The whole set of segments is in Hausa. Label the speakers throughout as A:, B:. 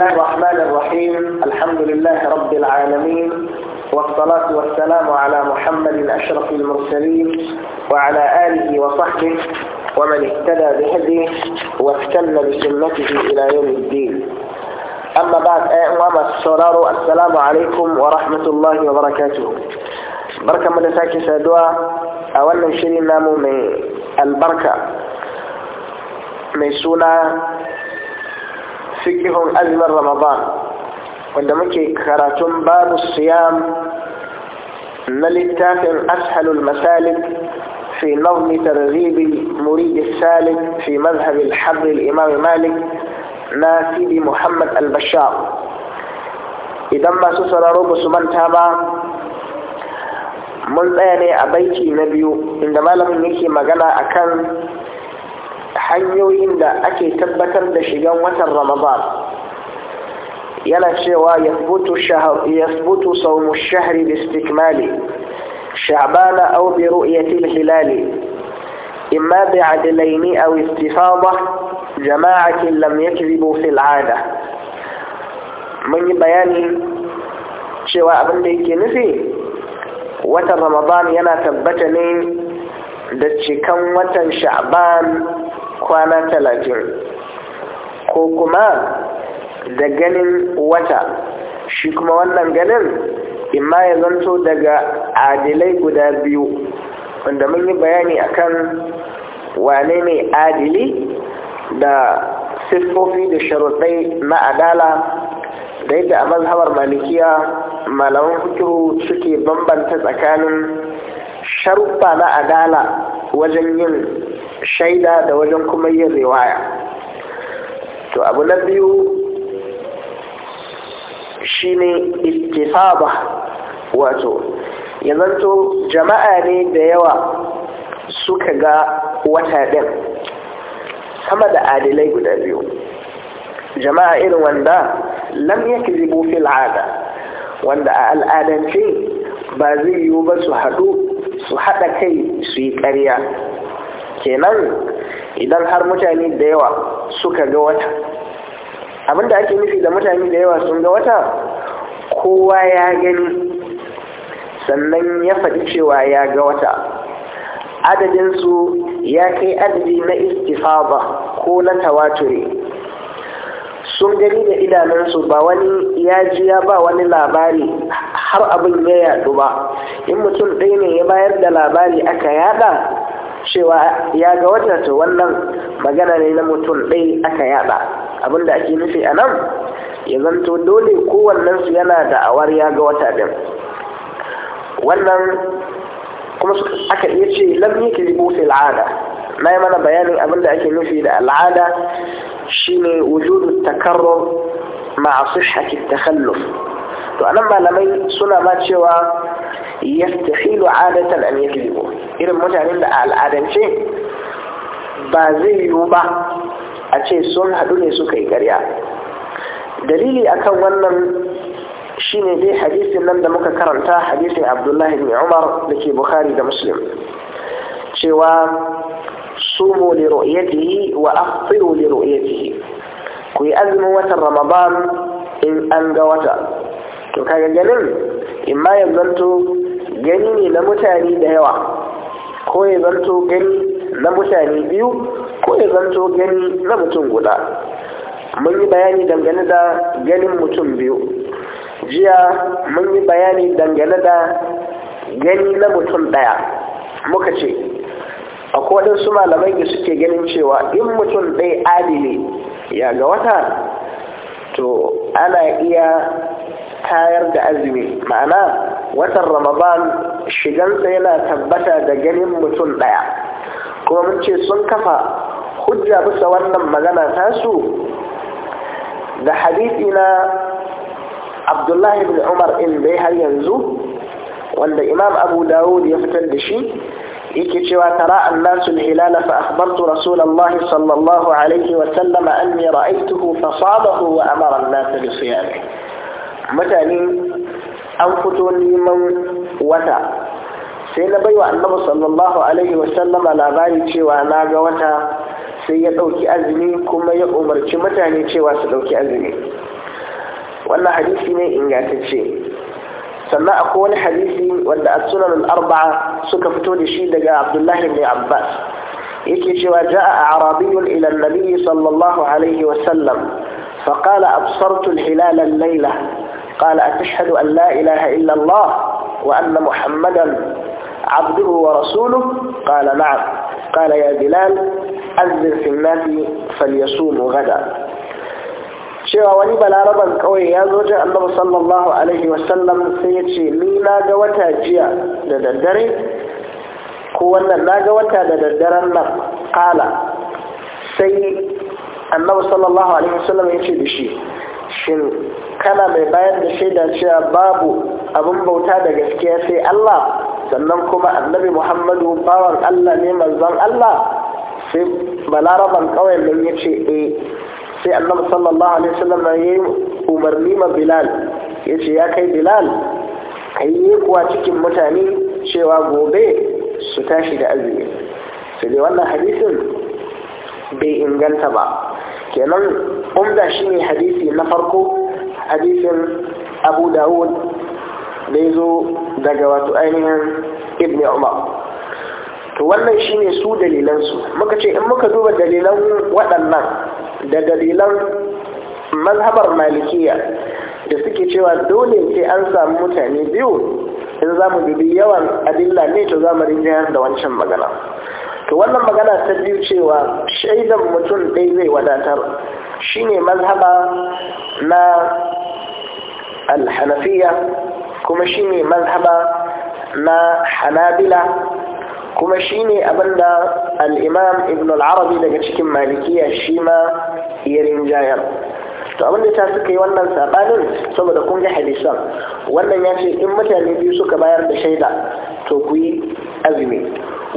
A: الله الرحمن الرحيم الحمد لله رب العالمين والصلاة والسلام على محمد أشرف المرسلين وعلى آله وصحبه ومن اهتدى بهديه واستنى بسنته إلى يوم الدين أما بعد أيام السرار السلام عليكم ورحمة الله وبركاته بركة من ساكي سادوا أولا شري نامو من البركة من سنة fikihun azumar ramadan wanda muke karatun babu siyam na littafin ashalul masalik fi nazmi tarzibi muridi salik fi mazhabi alhabri al'imam malik na sidi muhammad Albasha. idan masu sauraro ba su manta ba mun tsaya ne a banki na biyu inda malamin yake magana akan kan hanyoyin da ake tabbatar da shigan watan ramadan yana cewa yasbutu saumu shahri bi istikmali sha'bana aw bi ru'yati al-hilali imma bi adlayn aw istifada jama'atin lam yakzibu fi al-'ada mun yi bayani cewa abin da yake nufi watan ramadan yana tabbata ne da cikan watan sha'ban kwana talatin ko kuma da ganin wata shi kuma wannan ganin imma ya zanto daga adilai guda biyu wanda mun yi bayani akan wane ne adili da siffofi da sharuɗai na adala da yadda a mazhabar malikiya malaman hukuru suke bambanta tsakanin sharuɗa na adala wajen yin shaida da wajen kuma yin riwaya to abu na biyu shine ittifaba wato Yanzu to jama'a ne da yawa suka ga wata ɗin sama da adilai guda biyu jama'a irin wanda lam yake zibo fil ada wanda a al'adance ba zai yiwu ba su haɗu su haɗa kai su yi ƙarya kenan idan har mutane da yawa suka ga wata abinda ake nufi da mutane da yawa sun ga wata kowa ya gani sannan ya faɗi cewa ya ga wata adadinsu ya kai adadi na ba, ko na tawature sun gani da idanunsu ba wani ya ji ya ba wani labari har abin ya yadu ba in mutum ɗaya ne ya bayar da labari aka yada cewa ya ga wata to wannan magana ne na mutum ɗai aka yada abinda ake nufi a nan ya zanto dole kowannensu yana da awar ya ga wata ɗin wannan kuma aka iya ce lam yaklibu fil al'ada na yi mana bayanin abinda ake nufi da al'ada shine wujudu takarrur ma'a sihhati takhalluf to anan malamai suna ma cewa yastahilu adatan an yakzibu irin mutanen da a al'adance ba zai yiwu ba a ce sun hadu ne suka yi ƙarya dalili akan wannan shine dai hadisin nan da muka karanta hadisin abdullahi bin umar da ke bukhari da muslim cewa sumu li ru'yatihi wa afṭiru li ru'yatihi ku yi azumin watan ramadan in an ga wata to kaga ganin imma ya yanzu gani ne na mutane da yawa ko ya zanto gani na mutane biyu ko ya zanto gani na mutum guda mun yi bayani dangane da ganin mutum biyu jiya mun yi bayani dangane da gani na mutum ɗaya muka ce akwai su malamai da suke ganin cewa in mutum ɗaya adili ya ga wata to ana iya tayar da azumi ma'ana watan ramadan shigansa yana tabbata da ganin mutum ɗaya kuma mun ce sun kafa hujja bisa wannan magana tasu da hadisi na abdullahi bin umar in bai har yanzu wanda imam abu dawud ya fitar da shi yake cewa tara annasul hilala fa akhbartu rasulullahi sallallahu alaihi wa sallam anni ra'aytuhu fa sadahu wa amara an-nas bi siyami mutane an fito neman wata sai na baiwa annabi sallallahu alaihi wasallama labari cewa na ga wata sai ya ɗauki azumi kuma ya umarci mutane cewa su ɗauki azumi wannan hadisi ne ingantacce sannan akwai wani hadisi wanda a sunan al-arba'a suka fito da shi daga abdullahi mai abbas yake cewa ja'a a arabiyun an-nabi sallallahu alaihi wasallam fa kala absartu hilalan laila قال أتشهد أن لا إله إلا الله وأن محمدا عبده ورسوله قال نعم قال يا بلال أذن في الناس فليصوموا غدا شيء ونبا لا ربا كوي يا زوجة النبي صلى الله عليه وسلم سيتشي لينا جوتا جيا لددري كوانا لا جوتا لددر قال سيد أنه صلى الله عليه وسلم يتشي بشي شن kana mai bayar da shaida cewa babu abin bauta da gaskiya sai Allah sannan kuma annabi Muhammadu bawan Allah ne manzon Allah sai balaraban kawai nan ya ce eh sai annabi sallallahu alaihi wasallam ya yi umarni ma Bilal ya ce ya kai Bilal kai yi kuwa cikin mutane cewa gobe su tashi da azumi sai dai wannan hadisin bai inganta ba kenan umda shine hadisi na farko hadisin abu dawud da ya zo daga wato ainihin ibn umar to wannan shine su dalilansu muka ce in muka duba dalilan waɗannan da dalilan mazhabar malikiya da suke cewa dole sai an samu mutane biyu in za mu dubi yawan adilla ne to za mu rinjayar da wancan magana to wannan magana ta biyu cewa shaidan mutum ɗai zai wadatar shine mazhaba na alhanafiya kuma shine mazhaba na hanabila kuma shine abinda al'imam ibn al'arabi daga cikin malikiya shi ma ya rinjayar to abinda ta suka yi wannan saɓanin saboda kun ga hadisan wannan ya ce in mutane biyu suka bayar da shaida to ku yi azumi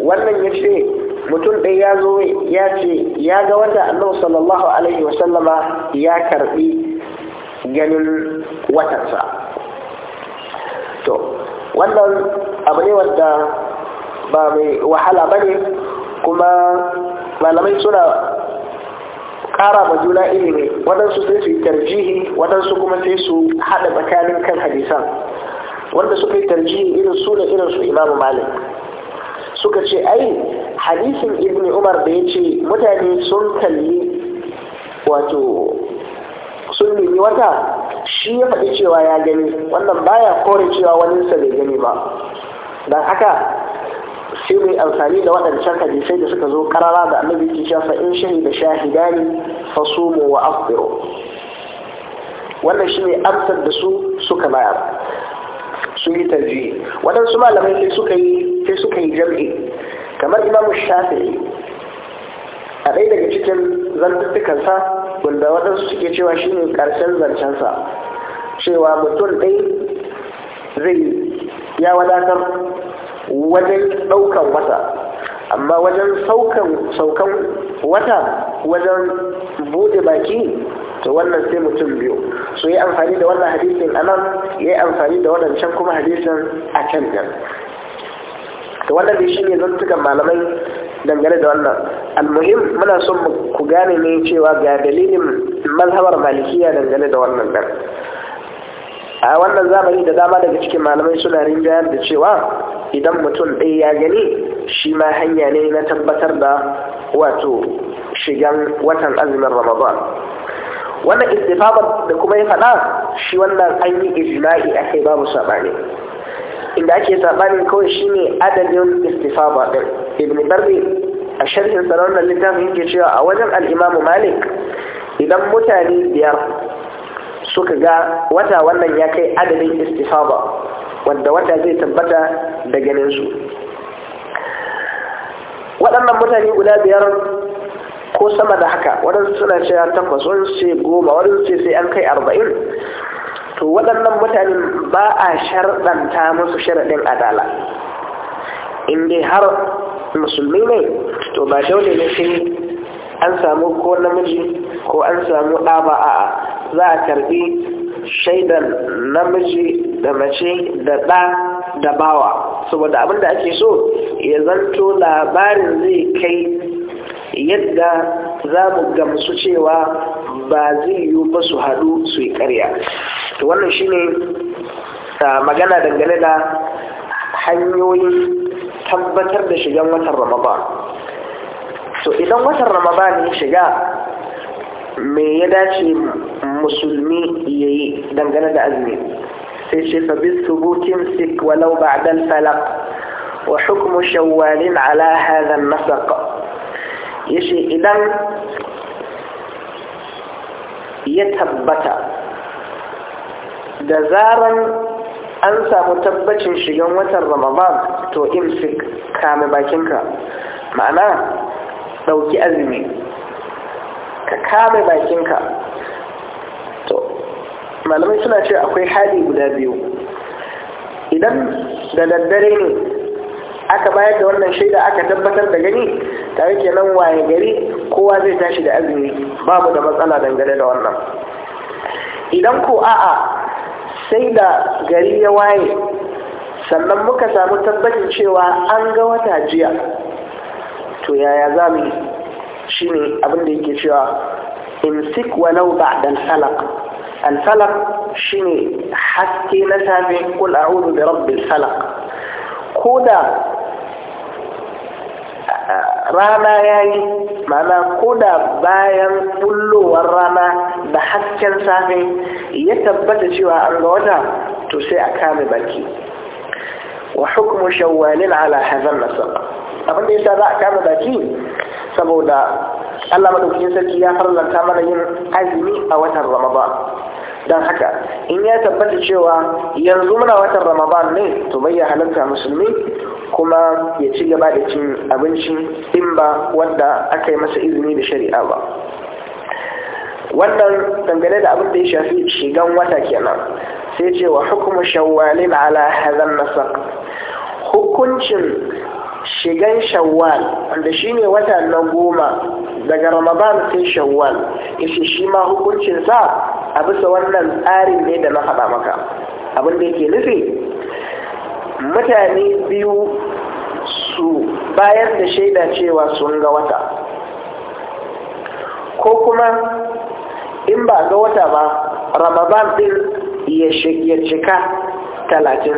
A: wannan ya ce mutum ɗaya ya zo ya ce ya ga wanda annabi sallallahu alaihi wasallama ya karɓi ganin watansa to wannan abu ne wanda ba mai wahala ba kuma malamai suna kara ma juna ilimi waɗansu sai su yi tarjihi waɗansu kuma sai su haɗa tsakanin kan hadisan wanda suka yi tarjihi irin su da irin su imamu malik suka ce ai hadisin ibn umar da ya ce mutane sun kalli wato sun yi wata shi ya faɗi cewa ya gani wannan baya kore cewa wani sa bai gani ba don haka sai mai amfani da waɗancan hadisai da suka zo karara da annabi ke cewa fa in shahida shahidani fa sumu wa afdiru wannan shi ne amsar da su suka bayar su yi tarji. waɗansu malamai sai suka yi sai suka yi jam'i kamar imamu shafi'i a ɗaya daga cikin zantuttukansa wanda waɗansu suke cewa shi ne ƙarshen zancensa cewa mutum ɗai zai ya wadatar wajen ɗaukan wata amma wajen saukan wata wajen bude baki to wannan sai mutum biyu su yi amfani da wannan hadisin a nan ya yi amfani da waɗancan kuma hadisin a can nan to wannan ne shine zantukan malamai dangane da wannan almuhim muna son ku gane ne cewa ga dalilin mazhabar malikiya dangane da wannan dan a wannan zamani da dama daga cikin malamai suna rinjayar da cewa idan mutum ɗaya ya gani shi ma hanya ne na tabbatar da wato shigan watan azumin ramadan wannan istifamar da kuma ya faɗa shi wannan an yi ijma'i a kai babu saɓani inda ake saɓani kawai shine adadin istifama ɗin ibn barri a sharhin saraunar littafin yake cewa a wajen al'imamu malik idan mutane biyar suka ga wata wannan ya kai adadin istifaba wanda wata zai tabbata da ganinsu waɗannan mutane guda biyar ko sama da haka waɗansu suna cewa takwas wani ce goma wani ce sai an kai arba'in to waɗannan mutane ba a sharɗanta musu sharaɗin adala in dai har musulmi ne to ba dole ne sai an samu ko namiji ko an samu ɗa ba a za a karbi shaidan namiji da mace da ɗa da bawa saboda abin da ake so ya zanto labarin zai kai yadda za mu gamsu cewa ba zai yiwu ba su haɗu su yi ƙarya to wannan shine magana dangane da hanyoyin tabbatar da shigan watan ramadan to idan watan ramadan ya shiga me ya dace musulmi ya yi dangane da azumi sai ce fa bis sik walau ba'da al wa hukmu shawwalin ala hadha an-nasaq yace idan ya tabbata da zaran an samu tabbacin shigan watan ramadan to imsik kame bakinka ma'ana ɗauki azumi ka kame bakinka to malamai suna ce akwai hali guda biyu idan da daddare ne aka bayar da wannan shaida aka tabbatar da gani tare nan waye gari kowa zai tashi da azumi babu da matsala dangane da wannan idan ko a'a sai da gari ya waye sannan muka samu tabbacin cewa an ga wata jiya to yaya za mu shi ne abinda yake cewa in sik walau ba'dan salak? al salak shi ne haske na safe kul a'udhu bi rabbil salak ko da rana ya yi mana ko da bayan bullowar rana da hasken safe ya tabbata cewa an ga wata to sai a kame baki wa hukmu shawwalin ala hazan abin da yasa za a kama baki saboda Allah madaukakin sarki ya farlanta mana yin azumi a watan Ramadan don haka in ya tabbata cewa yanzu muna watan Ramadan ne to bai ya halarta musulmi kuma ya ci gaba da cin abinci in ba wanda aka yi masa izini da shari'a ba wannan dangane da abin da ya shafi shigan wata kenan sai ce wa hukumu shawwalin ala hadhan nasaq hukuncin shigan shawwal wanda shine wata na goma daga ramadan sai shawwal yace shi ma hukuncinsa a bisa wannan tsarin ne da na haɗa maka abin da yake nufi mutane biyu su bayar da shaida cewa sun ga wata ko kuma in ba ga wata ba ramadan din ya cika talatin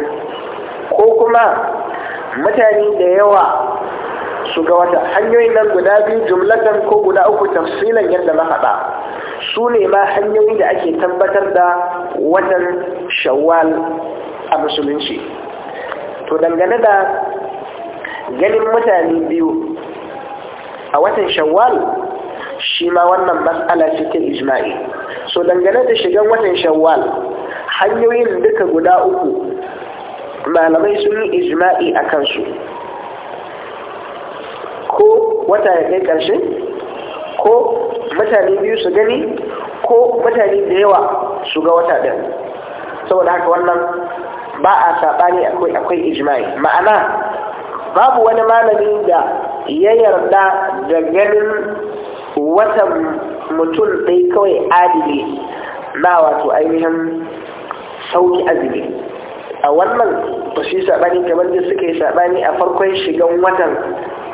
A: ko kuma mutane da yawa su ga wata hanyoyin nan guda biyu jumlatan ko guda uku tafsilan yadda na faɗa su ne ma hanyoyi da ake tabbatar da watan shawwal a musulunci to dangane da ganin mutane biyu a watan shawwal shi ma wannan matsala cikin ijma'i so dangane da shigan watan shawwal hanyoyin duka guda uku malamai sun yi ijma'i a kansu ko wata ya kai ƙarshe ko mutane biyu su gani ko mutane da yawa su ga wata ɗin saboda haka wannan ba a saɓani akwai akwai ijma'i ma'ana babu wani malami da ya yarda da ganin wata mutum ɗai kawai adili na wato ainihin sauki azumi a wannan ba su yi saɓani kamar da suka yi saɓani a farkon shigan watan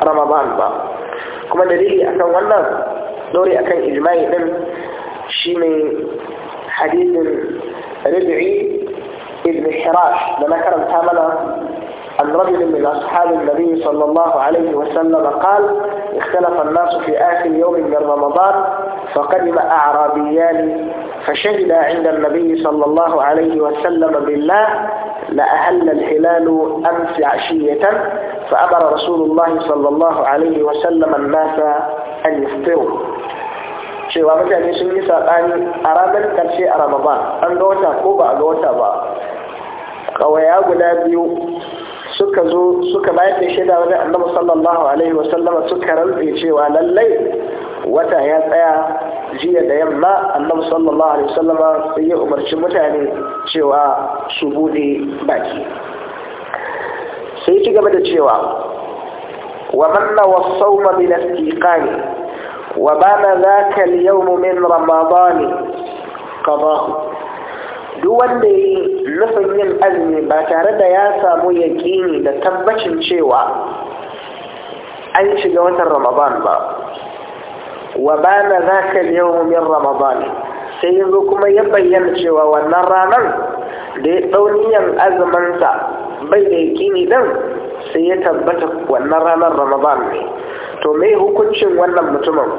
A: ramadan ba kuma dalili akan wannan dore akan ijma'i din shine hadisin ربعي ابن حراش لما كرم تامنا عن رجل من أصحاب النبي صلى الله عليه وسلم قال اختلف الناس في آخر يوم من رمضان فقدم أعرابيان فشهد عند النبي صلى الله عليه وسلم بالله لأهل الهلال أمس عشية فأمر رسول الله صلى الله عليه وسلم الناس أن يفطروا شيء وقت أن يسمي سألان أرامل كان شيء رمضان أن دوتا قوبا دوتا با قوي أقول أبيو سكا زو سكا بايت شيء دعوني أنه صلى الله عليه وسلم سكا رمضي شيء وعلى الليل وتا يتأيى jiya da yamma annabi sallallahu alaihi wasallama sai ya umarci mutane cewa su bude baki sai ci gaba da cewa wa manna wa sawma min istiqani wa bana zaka al-yawm min ramadan qada duk wanda yi nufin yin azumi ba tare da ya samu yaƙini da tabbacin cewa an shiga watan ramadan ba wa bana zaka al-yawm min ramadan sai yanzu kuma ya bayyana cewa wannan ranar da ya dauniyan azumin bai da yakini din sai ya tabbata wannan ranar ramadan ne to me hukuncin wannan mutumin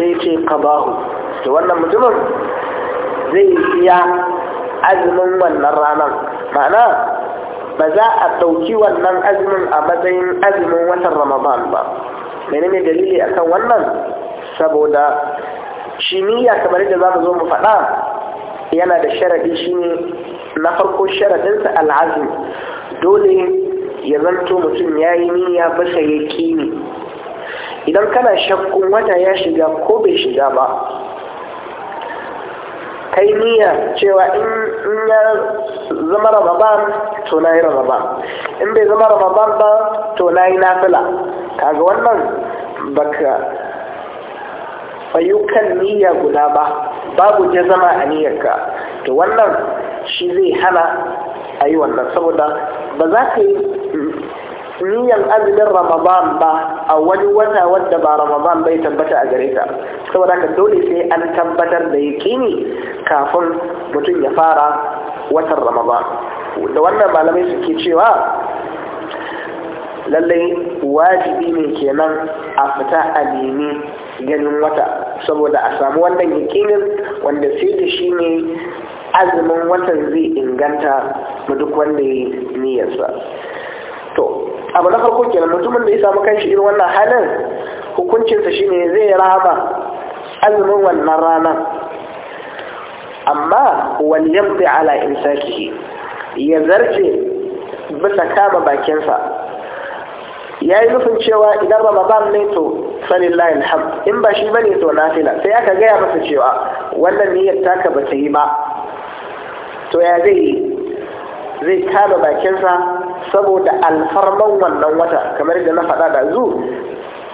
A: sai ce qabahu to wannan mutumin zai siya azumin wannan ranar ma'ana ba za a ɗauki wannan azumin a matsayin azumin watan ramadan ba menene dalili akan wannan saboda shi kamar da za mu zo mu faɗa yana da sharaɗi ne, na farko sharaɗinsa al'azim dole ya zanto mutum ya yi niyya basa ya kini idan kana shakkun wata ya shiga ko bai shiga ba kai niyya cewa in ya zama ramadan to na yi ramadan in bai zama ramadan ba to na yi nafila kaga wannan baka fayukan niyya guda ba babu jazama a niyyarka to wannan shi zai hana a yi wannan saboda ba za ka yi niyyar azumin ramadan ba a wani wata wadda ba ramadan bai tabbata a gare ka saboda ka dole sai an tabbatar da yakini kafin mutum ya fara watan ramadan da wannan malamai suke cewa lallai wajibi ne kenan a fita a nemi ganin wata saboda a samu wannan yakinin wanda sai ta shi ne azumin watan zai inganta mu duk wanda ya niyyarsa to abu na farko kenan mutumin da ya samu kanshi irin wannan halin hukuncinsa shine zai rama azumin wannan ranar amma waliyabdi ala insakihi ya zarce bisa kama bakinsa ya yi nufin cewa idan ramadan ne to falillahi alham in ba shi bane to nafila sai aka gaya masa cewa wannan niyyar taka ba ta yi ba to ya zai zai kama bakinsa saboda alfarman wannan wata kamar da na faɗa da zu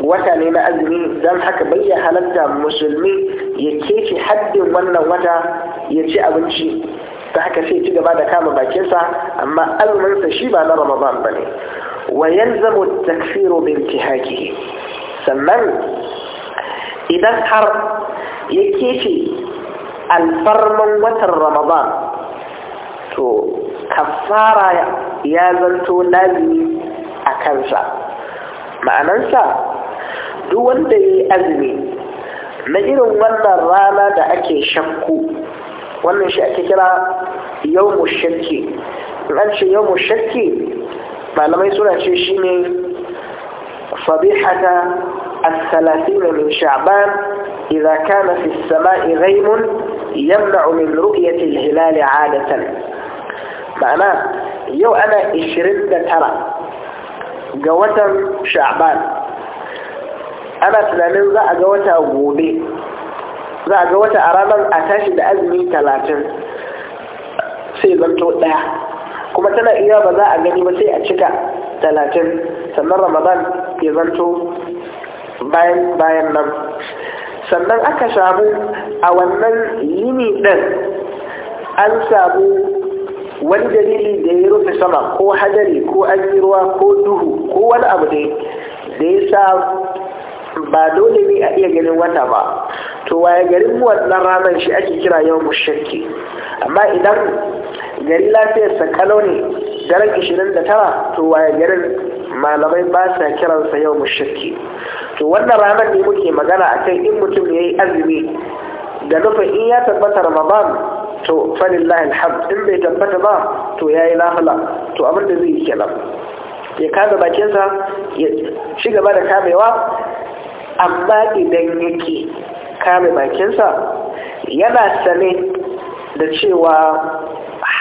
A: wata ne na azumi don haka bai ya halatta musulmi ya keke haddin wannan wata ya ci abinci ta haka sai ci gaba da kama bakinsa amma azuminsa shi ba na ramadan ba ne wa yalzamu at-takfiru bi intihakihi sannan idan har ya kefe alfarman watan ramadan to kafara ya zanto lazimi a kansa ma'anansa duk wanda ya yi azumi na irin wannan rana da ake shaku. wannan shi ake kira yau shakki in an ce yau shakki malamai suna ce shi ne الثلاثين من شعبان إذا كان في السماء غيم يمنع من رؤية الهلال عادة معنى يو أنا إشرين ترى قوة شعبان أنا تلانين ذا قوة أبودي ذا قوة أرامل أتاشد أزمي ثلاثين سيزن تودع kuma tana iya ba za a gani ba sai a cika talatin sannan ramadan ya zanto bayan nan sannan aka samu a wannan yini ɗin an samu wani dalili da ya rufe sama ko hadari ko an ruwa ko duhu ko wani abu da ya sa ba dole ne a iya ganin wata ba to waye garin mu wannan ranar shi ake kira yau mushakki amma idan gari lafiyar sa kalau ne daren 29 to waye garin malamai ba sa kiransa yau mushirki to wannan ranar ne muke magana a kai in mutum ya yi azumi da nufin in ya tabbata ramadan to falillahi alhamd in bai tabbata ba to ya yi to abin da zai yi kenan ya kada bakinsa ya ci gaba da kamewa amma idan yake kame bakinsa yana sane da cewa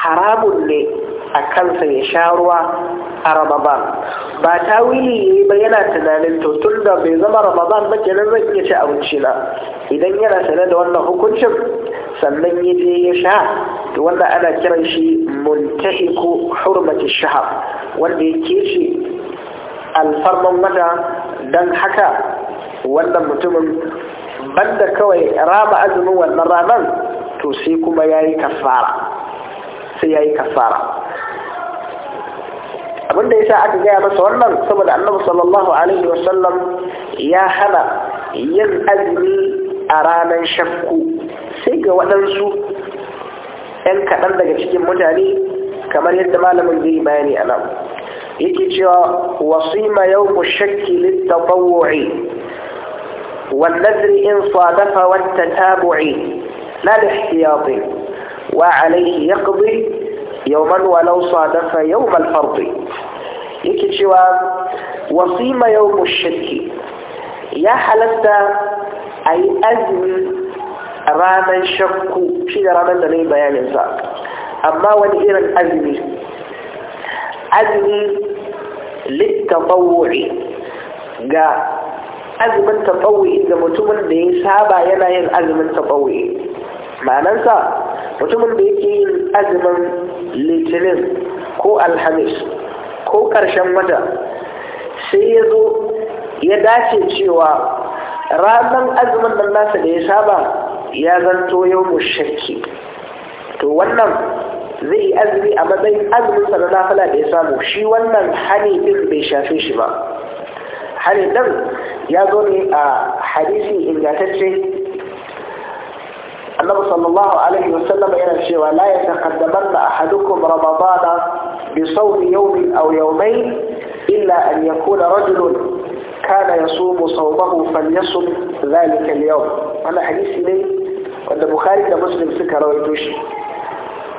A: haramun ne a kansa ya sha ruwa a ramadan ba tawili ne ba yana tunanin to tun da bai zama ramadan ba kenan zan iya ci abinci na idan yana sane da wannan hukuncin sannan ya je ya sha to wanda ana kiran shi muntahiku hurmati shahab wanda ya kece alfarman wata don haka wannan mutumin banda kawai raba azumin wannan ranar to sai kuma ya yi kafara sai yayi kafara abinda yasa aka gaya masa wannan saboda annabi sallallahu alaihi wasallam ya hana yin azumi a ranar shakku sai ga waɗansu 'yan kaɗan daga cikin mutane kamar yadda malamin zai bayani a nan yake cewa wasima yau ku shakki littatawu'i wallazri in sadafa wata tabu'i na da shiyafin wa alaihi ya ƙubi yawman walau yau yawmal fardi yake cewa wasima yawmu shirki ya halatta a yi azumi ranar shakku shi da ranar da na yi bayaninsa amma wani irin azumi azumi littatawuri ga azumin tatawuri ga mutumin da ya saba yana yin azumin tatawuri ma'anansa mutumin da yake yin azumin litinin ko alhamis ko ƙarshen wata sai ya zo ya dace cewa ranar azumin nan nasa da ya saba ya zanto yau mu shakki to wannan zai yi azumi a matsayin azumin sa na nafala da ya samu shi wannan hani din bai shafe shi ba hani din ya zo ne a hadisi ingantacce annabi sallallahu alaihi wasallam yana cewa la يتقدمن أحدكم رمضان بصوم يوم أو يومين إلا أن يكون رجل كان يصوم صومه فليصم ذلك اليوم أنا حديث لي وأن بخاري مسلم سكر ويدوشي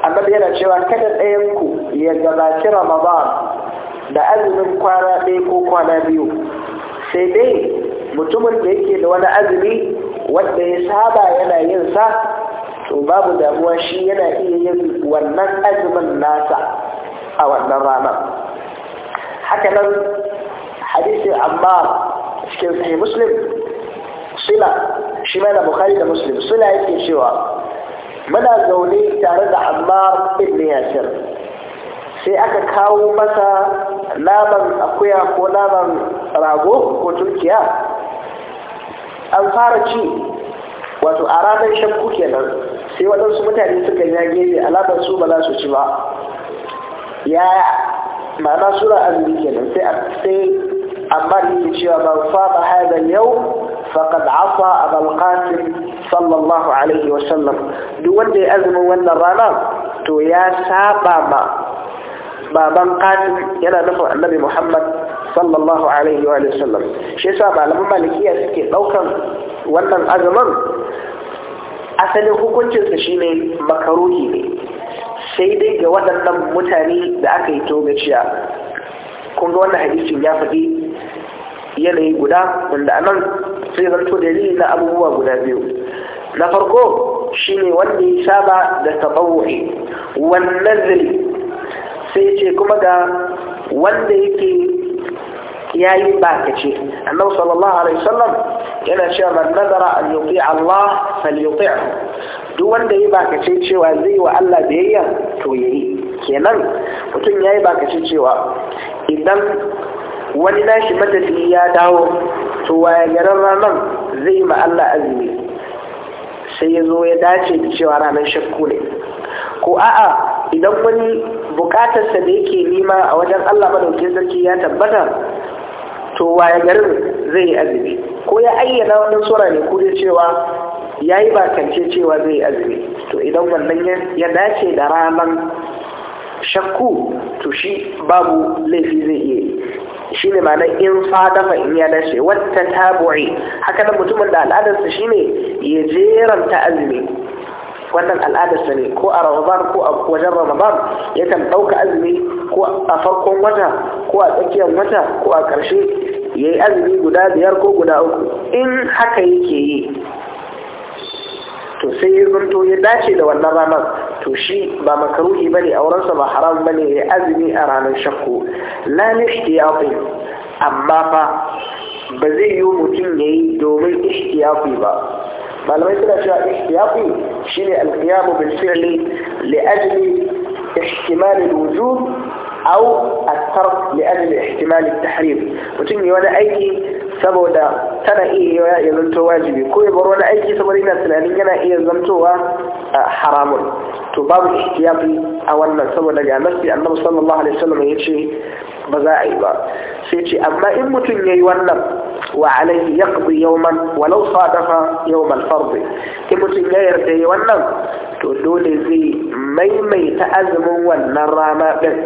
A: أما بينا جوا كان أيامكو يجباك رمضان بأذن من بيكو قوانا بيو سيدي متمن بيكي لولا أذني وأن يسابا ينا ينسى to babu damuwa shi yana iya yin wannan azumin nasa a wannan ranar haka nan hadisi amma cikin sai muslim sula shi mana bukari da muslim sula yake cewa muna zaune tare da ammar ibn yasir sai aka kawo masa naman akuya ko naman rago ko turkiya an fara ci wato a ranar shakku kenan sai waɗansu mutane suka ya gefe alamar su ba su ci ba ya ma'ana sura azumi kenan sai sai amma ne cewa ban saba hadha yau faqad asa a qasim sallallahu alaihi wa sallam duk wanda ya azumin wannan rana to ya saba ma baban qasim yana nufin annabi muhammad sallallahu alaihi wa sallam shi yasa malaman malikiya suke ɗaukan wannan azumin asalin hukuncinsa shine makaruhi ne sai dai ga waɗannan mutane da aka yi togaciya kun ga wannan hadisin ya faɗi yanayi guda wanda a nan sai zanto dalili na abubuwa guda biyu na farko shine wanda ya saba da tabawuhi wannan zali sai ce kuma ga wanda yake Ya yi annabi sallallahu alaihi wasallam yana cewa man nazara an yuti Allah falyuti'hu duk wanda ya yayi bakace cewa zai wa Allah biyayya to yi kenan mutum yayi bakace cewa idan wani nashi matafi ya dawo to waya garin ranar zai ma Allah azumi sai ya zo ya dace da cewa ranar shakku ne ko a'a idan wani bukatarsa da yake nima a wajen Allah madaukin sarki ya tabbata to waye garin zai yi azumi ko ya ayyana wannan sura ne ko cewa ya yi bakance cewa zai yi azumi to idan wannan ya dace da ranar shakku to shi babu laifi zai iya yi. shi ne ma'anar in fadafa in ya dace wata tabu'i haka nan mutumin da al'adarsa shi ne ya jeranta azumi wannan al'adarsa ne ko a ramadan ko a wajen ramadan yakan ɗauka azumi ko a farkon wata ko a tsakiyar wata ko a ƙarshe ya yi azumi guda biyar ko guda uku in haka yake yi to sai ya zanto ya dace da wannan ranar to shi ba makaruhi bane wurinsa ba haram bane ya azumi a ranar shakku ya fi amma fa ba zai yi mutum ya yi domin ishtiyafi ba malamai suna cewa ishtiyafi shine alqiyamu bil fi'li li ajli ihtimal al أو الترك لأجل احتمال التحريم وتني وانا أيكي saboda tana iya ya zanto wajibi ko ya bar wani aiki saboda yana tunanin yana iya zantowa haramun to babu ihtiyafi a wannan saboda ga nasi annabi sallallahu alaihi wasallam ya ce ba a yi ba sai ce amma in mutum yayi wannan wa alaihi yaqdi yawman walau sadafa yawm al-fard in mutum ya yarda yayi wannan to dole zai maimaita azumin wannan rama din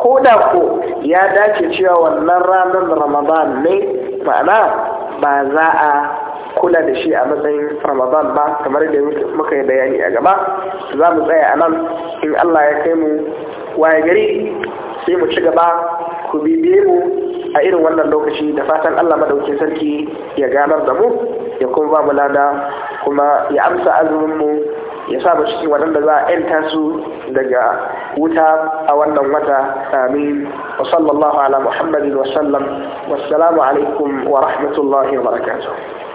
A: ko da ko ya dace cewa wannan ranar ramadan ne ma'ana ba za a kula da shi a matsayin ramadan ba kamar da muka yi bayani a gaba za mu tsaya a nan in allah ya kai mu waye gari sai mu ci gaba ku bibiye mu a irin wannan lokaci da fatan allah madaukin sarki ya ganar da mu ya kuma ba mu lada kuma ya amsa azumin mu ya saba ba cikin za a ‘yanta su daga wuta a wannan wata amin wa sallallahu ala muhammadin wa sallam wassalamu alaikum wa rahmatullahi wa barakatuh